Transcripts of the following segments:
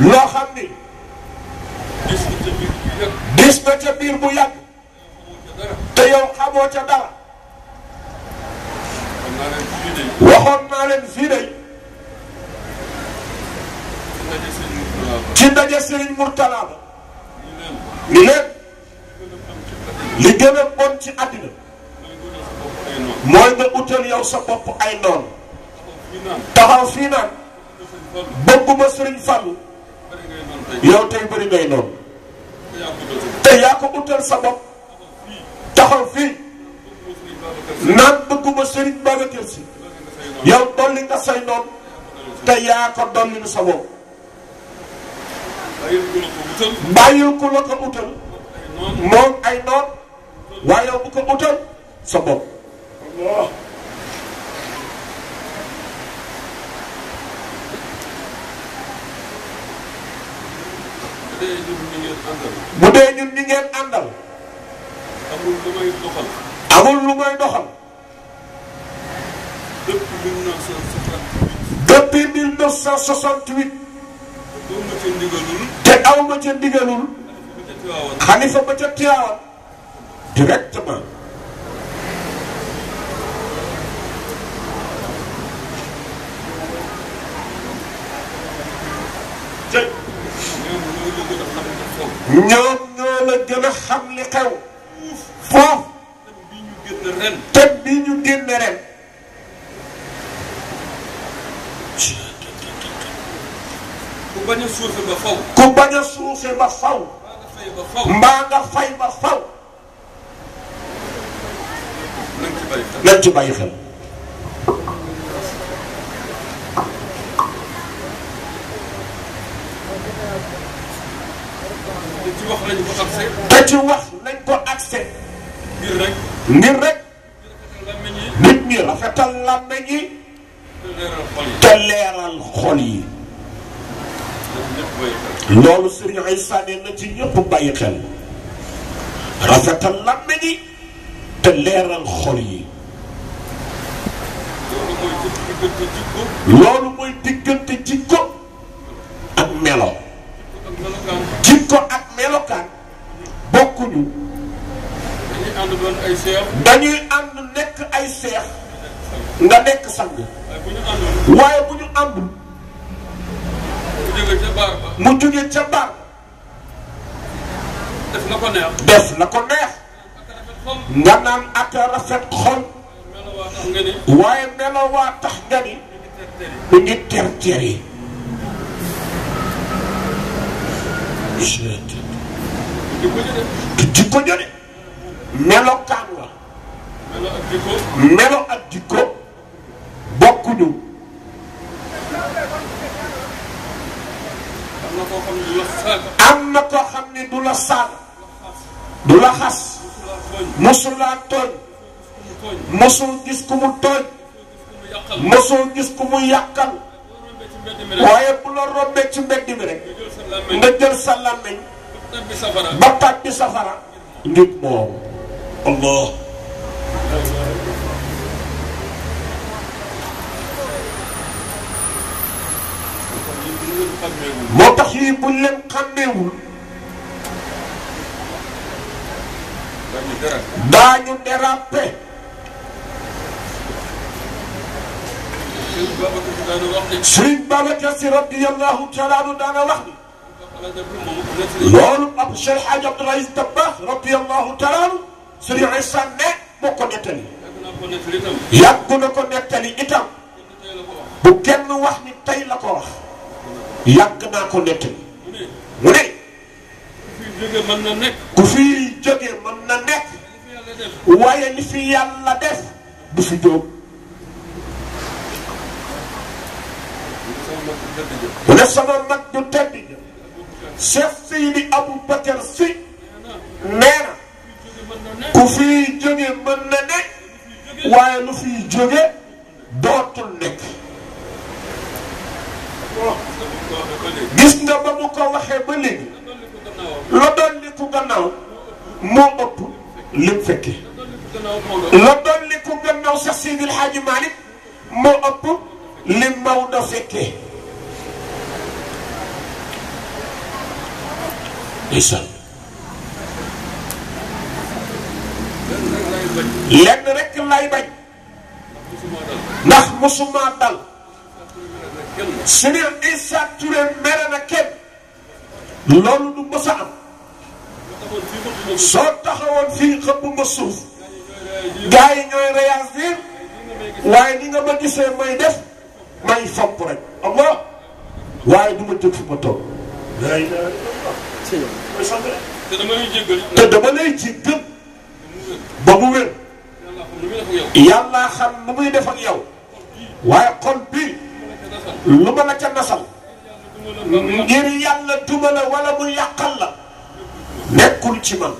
loo xam ni gis na ca biir bu yàgg te yow xamoo ca dara waxoon naa leen fii de ci ndaje Serigne Mourtala ni leen li gën bon ci àddina mooy nga utal yow sa bopp ay noon taxaw fii naan bëgguma Serigne Fallou yow tey bëri ngay noonu te yaa ko utal sa bopp taxaw fii naan bëgguma Serigne Babacar Sy yow dolli nga say noonu te yaa ko dolli sa bopp bàyyil ku la ko utal moom ay noon waaye yow bu ko utal sa dee ñun ñi dee ñun àndal. amul lu may doxal. amul lu may doxal. depuis 1968. depuis 1968. te aw ma ca ndigalul. te ma ca ndigalul. xalifa ba ca ñoom ñoo la gën a xam li xew. foofu. thème ñu génn ku bañ a suufe ba faw. ku bañ a suufe faw. mbaa nga fay ba faw. te ci wax nañ ko accès ngir rek ngir rek nit ñi rafetal làmmeñ yi te leeral xol yi loolu sëriñ ay sànnee na ci ñëpp bàyyi xel rafetal làmmeñ yi te leeral xol yi loolu mooy diggante jikko ak melo ay seex. nekk ay seex. nga nekk sang. waaye bu ñu àndul. mu jóge ca baar ba. mu jóge nga naan ak rafet xol. waaye melowaa tax nga ni. mu ngi ter melokaan la melo ak jikko bokkuñu am na koo xam ne du la saaga du la xas mosulaa tooñ mosul gis ku mu tooñ mosul gis ku mu yàqal waaye bu la rombee ci mbedd mi rek nga jël sa làmmiñ ba tàbbi safara ngir moom allah moo tax yi buñ leen xàmmeewul daañu déraper Sëriñ Babacar Si radiyallahu taala anhu daana wax loolu ab Cheikh Hadj Abdoul Aziz Dabakh radiyallahu taala anhu Sëriñ Sànne moo ko nettali. yàgg na ko nettali itam. bu kenn wax ni tey la ko wax. yàgg naa ko nettali. mu ne. ku fi jóge mën na nekk. waaye li fi yàlla def du fi jóg. mu ne sama mag du tedd. Cheikh Seydi Aboubacar Sy. neena. fi jóge mën na waaye lu fi jóge dootul nekk gis nga ba mu ko waxee ba léegi la dolliku gannaaw moo ëpp lim fekke la dolliku gannaaw sax Seydi El Hadji Malick lenn rek lay bañ ndax musuma dal su ne Issa Touré mere na kenn loolu du mës a am soo taxawoon fii xëpp nga suuf gars yi ñooy réagir waaye ni nga ma gisee may def may fopp rek waaye du ma jóg fu ma toog. te dama lay jéggal. ba mu wér yàlla xam nu muy def ak yow waaye xol bi lu ma la ca nasal ngir yàlla duma la mu yàqal la nekkul ci man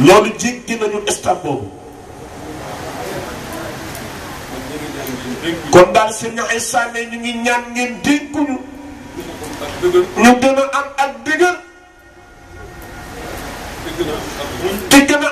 loolu jéggi nañu stade boobu kon daal sëñ ay sànne ñu ngi ñaan ngeen dégguñu ñu gën a am ak dëgër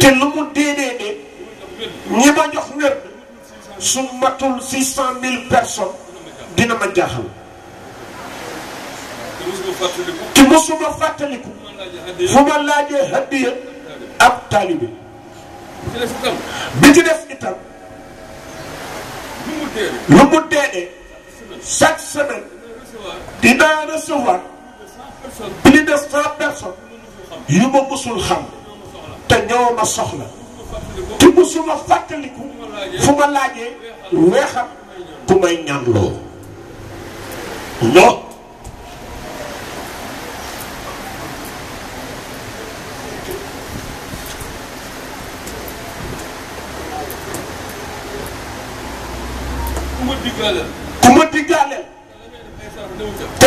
te lu mu dee dee dee ñi ma jox wér su matul cent mille personnes dina ma jaaxal. te mosuma fàttaliku fu ma laajee hadiya ab taalibe bi ci def itam lu mu dee dee chaque semaine dinaa recevoir plus de cent personnes yu ma mosul xam. te ñoo ma soxla te musuma fàttaliku fu te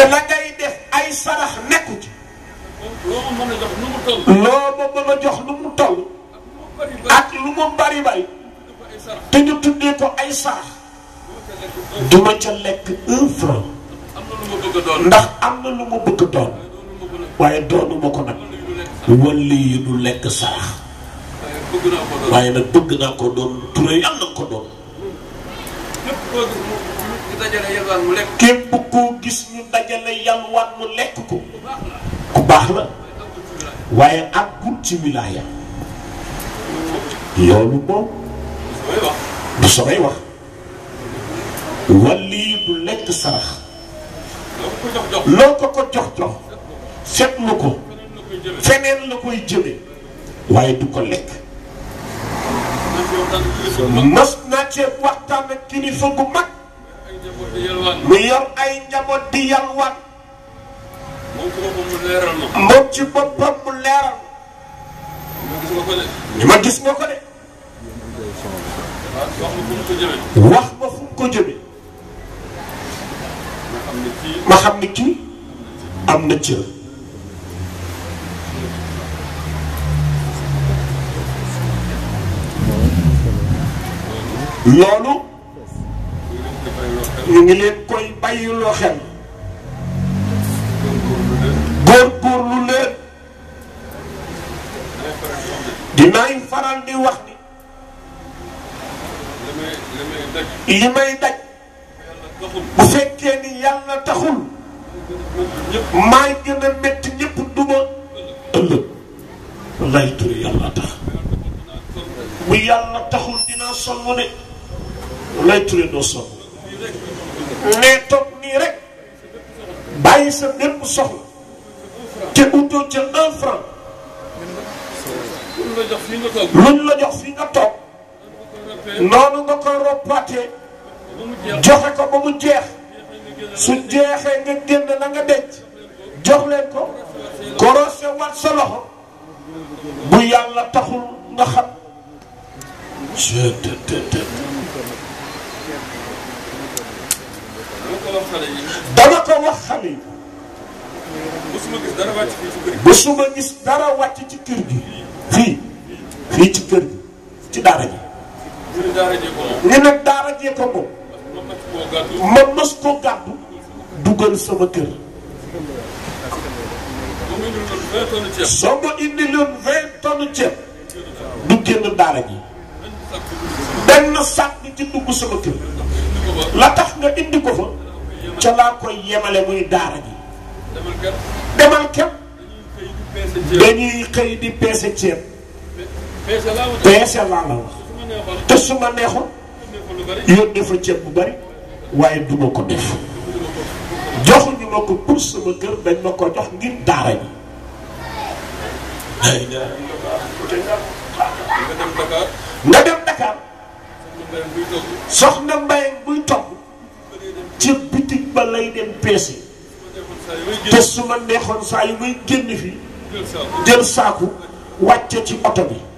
la ngay def ay sarax nekku ci loo ma mën jox ay sarax duma ca lekk un ndax am na lu ma bëgg doon waaye doonuma ko nag wàllu yi du lekk sarax waaye nag bëgg naa ko doon ture yàlla ko doon képp koo gis ñu dajale yalwaan mu lekk ko ku baax la waaye àggul ci wilaaya loolu moom du samay wax wàlli du lekk sarax loo ko ko jox jox fet lu ko feneen la koy jëme waaye du ko lekk mas naa cee waxtaan ak kilifa gu mag mu yor ay njaboot di yalwaan moom ci boppam mu leeral ma gis nga ko de wax ma fu mu ko jëmee ma am na cër loolu ñu ngi leen koy bàyyiloo xel góorgóorlu leen dinaay faral di wax yi may daj bu fekkee ni yàlla taxul maay gën a métti ñëpp duma ëllëg turi yàlla tax bu yàlla taxul dina sonn ne wallaay turi doo sonn mais toog nii rek bàyyi sa bépp soxla te utoo ca un franc luñ la jox fii nga toog loolu nga koy roppaatee joxe ko ba mu jeex su jeexee nga génn la nga denc jox ko korose waat sa loxo bu yàlla taxul nga xam dama ko wax xale yi bu suma gis dara wàcc ci kër gi fii fii ci kër gi ci daara ji ñu ne daara jee ko moom ma mës ko gàddu dugal sama kër soo ma indi loon vingt tonnes ceeb du génn daara ji benn sàkk ci dugg sama kër la tax nga indi ko fa ca laa koy yemale muy daara ji demal képp dañuy xëy di peese ceeb peese laa la wax te su ma neexoon yónnee fa ceeb bu bari waaye du ma ko def joxuñu ma ko pour sama kër dañ ma ko jox ngir daara ji. nga dem Dakar soxna Mbaye buy togg ci bitig ba lay dem peese te su ma neexoon saa yu muy génn fii jël saaku wàcce ci oto bi.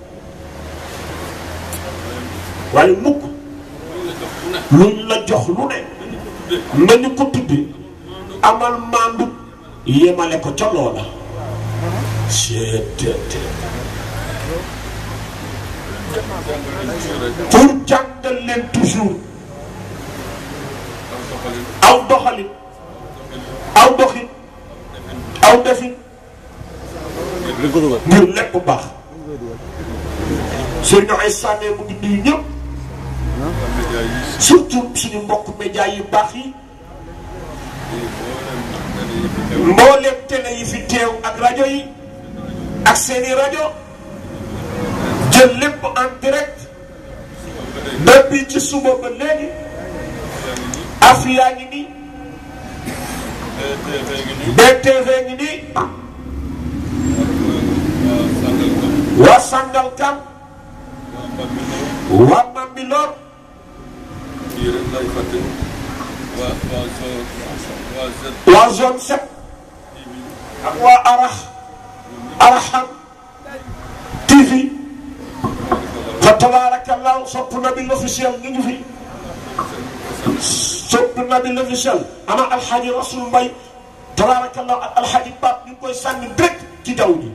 waaye mukk luñ la jox lu ne nga ñu ko tudde amal maandu yemale ko ca loola seet pour jàngal leen toujours aw doxalin aw doxin aw defin ngir lépp baax sëñ ay sànnee mu ngi nuyu ñëpp surtout suñu mbokk média yu baax yi. mboolem télé yi ak rajo yi ak seeni rajo jël lépp en depuis ci suba ba léegi Afia ngi nii BTV ngi nii waa Sangalkam waa Bambilor waa zone sept ak waa arax araxam TV fa tabaarakallaahu sopp nabi l'officiel ñu ngi fi sopp nabi l'officiel ama alxaaji rasul mbay tabaarakallaahu ak alxaaji baat ñu ngi koy sànni direct ci daw ji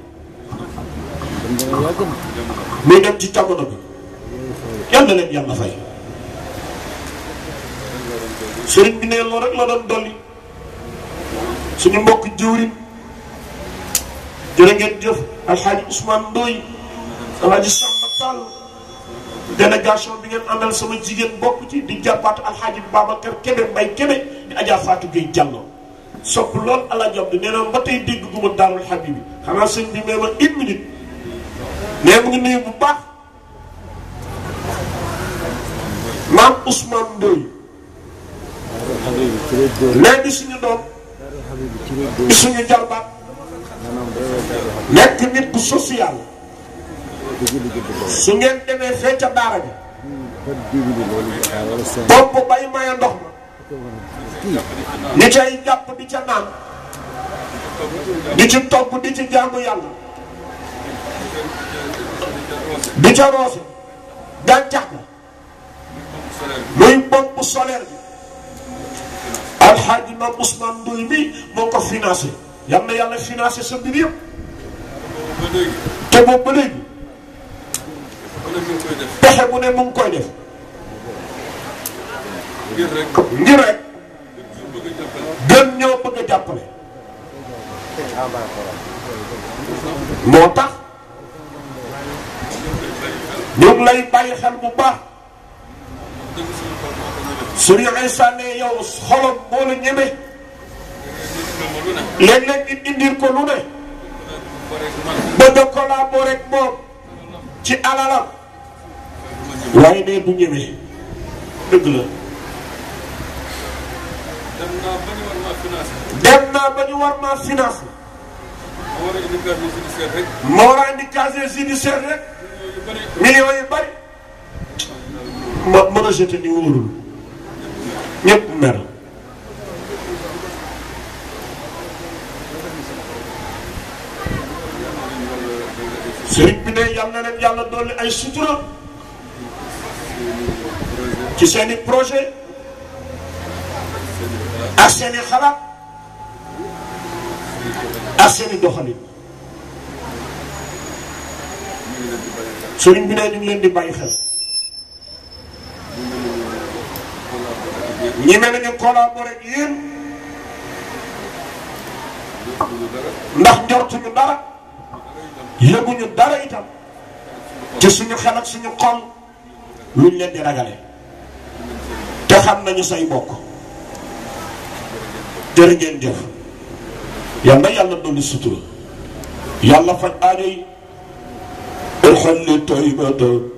muy dem ci jamono bi yal na leen yàlla fay sëriñ bi nee loolu rek la doon dolli suñu mbokk jëwriñ jërë ngeen jëf alxaaji Ousmane Ndoye alxaaji Samba Tall délégation bi ngeen àndal sama jigéen bokk ci di jàppaatu alxaaji Babacar Kébé Mbay Kébé di Adja Fatou Gueye Diallo sopp lool ala jam bi nee na ba tey dégg gu ma daarul xabibi xanaa sëñ bi may ma une minute nee mu ngi nuyu bu baax maam Ousmane Ndoye mais di suñu doom di suñu jarbaat nekk nit bu social su ngeen demee fee ca daara bi bopp bay maya ndox ma ñi cay jàpp di ca naan di ci togg di ci jàngu yàlla di ca roose gàncax ga muy pompe solaire alxaaji maam Ousmane Ndoye mi moo ko financé yal na yàlla financé sa mbir yëpp. te boobu ba léegi. pexe bu ne mu ngi koy def. ngir ñoo bëgg a jàppale. moo tax. ñu ngi lay bàyyi xel bu baax. suñu insaanee yow xolam moo la ñeme. léeg-léeg nit ko lu ne. bëgg collaborer rek moom. ci alalam. waaye nee bu ñeme. dem naa ba maa finance. moo war a indi casier judiciaire rek. millions yu ma mën a jeté ni wóorul. ñëpp mer sëriñ bi ne yal na leen yàlla dolli ay sutura ci seeni projet ak seeni xalaat ak seeni doxalin sëriñ bi ne ñu ngi leen di bàyyi xel ñeme nañu collaborer ak yéen ndax njortuñu dara yëguñu dara itam ci suñu xel ak suñu xol luñ leen di ragale te xam nañu say bokk jërë ngeen jëf yal na yàlla dolli sutura yàlla faj aajo yi xolli toy ba